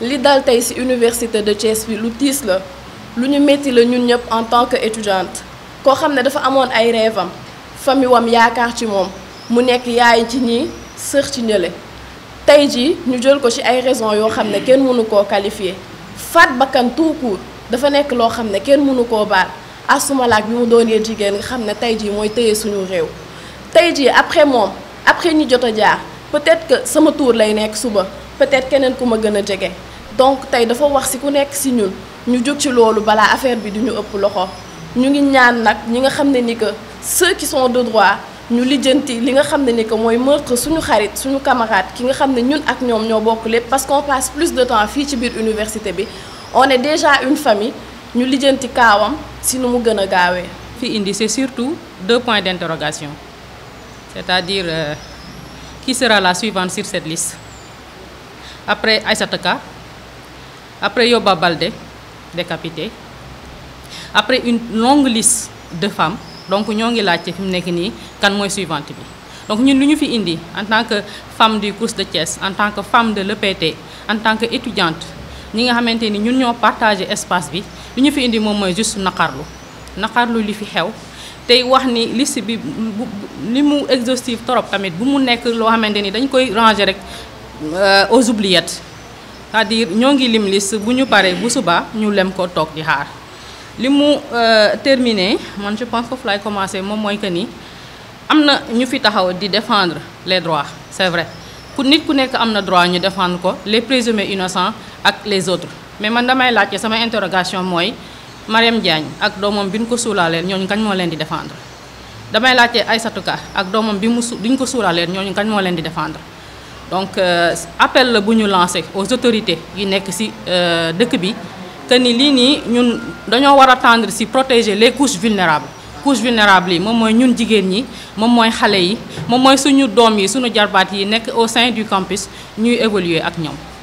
li dal tey ci université de Thiès bi lu tiis la lu ñu métti la ñun ñëpp en tant que étudiante koo xam ne dafa amoon ay rêve am yaakaar ci moom mu nekk yaay ci ñii sër ci ñële tey ji ñu jël ko ci ay raison yoo xam ne kenn mënu koo qualifier faat bakkan tout dafa nekk loo xam ne kenn mënu koo baal asumalaak bi mu doonee jigéen nga xam ne tey jii mooy téye suñu réew tey jii après moom après ñi jot a jaar peut-être que sama tour lay nekk suba peut-être keneen ku ma gën a jege donc tey dafa wax si ku nekk si ñun ñu jóg ci loolu balaa affaire bi duñu ëpp loxo ñu ngi ñaan nag ñi nga xam ne ni que ceux qui sont de droit ñu lijjanti li nga xam ne ni que mooy meurtre suñu xarit suñu camarade ki nga xam ne ñun ak ñoom ñoo bokk lépp parce qu'on passe plus de temps fii ci biir université bi on est déjà une famille ñu lijjanti kaawam si nous avons indi c'est surtout deux points d'interrogation c'est-à-dire euh, qui sera la suivante sur cette liste après Aïsataka, après Yoba Balde, décapité après une longue liste de femmes donc nous la laajte kan suivante bi donc ñun luñu fi indi en tant que femme du cours de Thiès en tant que femme de l'EPT en tant que étudiante nous nga xamante ni ñun ñoo espace bi ñu fi indi juste naqarlu naqarlu li fi xew tey liste bi mu trop tamit bu mu dañ koy ranger rek euh, aux oubliettes c'est-à-dire ñoo ngi lim liste bu ñu paree bu suba ñu lem euh, terminé man pense que ni am ñu fi défendre les droits c'est vrai pour nit ku nek amna droit ñu défendre ko les présumés innocents ak les autres mais man damay laajte sama interrogation moy Mariam Diagne ak doomam biñ ñu ko suulaaleen ñooñu kañ mo len di défendre damay laajte Aïssatou Ka ak doomam bi mu duñ bi ñu ko suulaaleen ñooñu kañ moo leen di défendre donc euh, appel la buñu ñu lancé aux autorités yi nek ci euh, dëkk bi que ni li ni ñun dañoo war a tendre ci protéger les couches vulnérables couche vulnérable yi moom mooy ñun jigéen ñi moom mooy xale yi moom mooy suñu doom yi suñu jarbaat yi nekk au sein du campus ñuy évoluer ak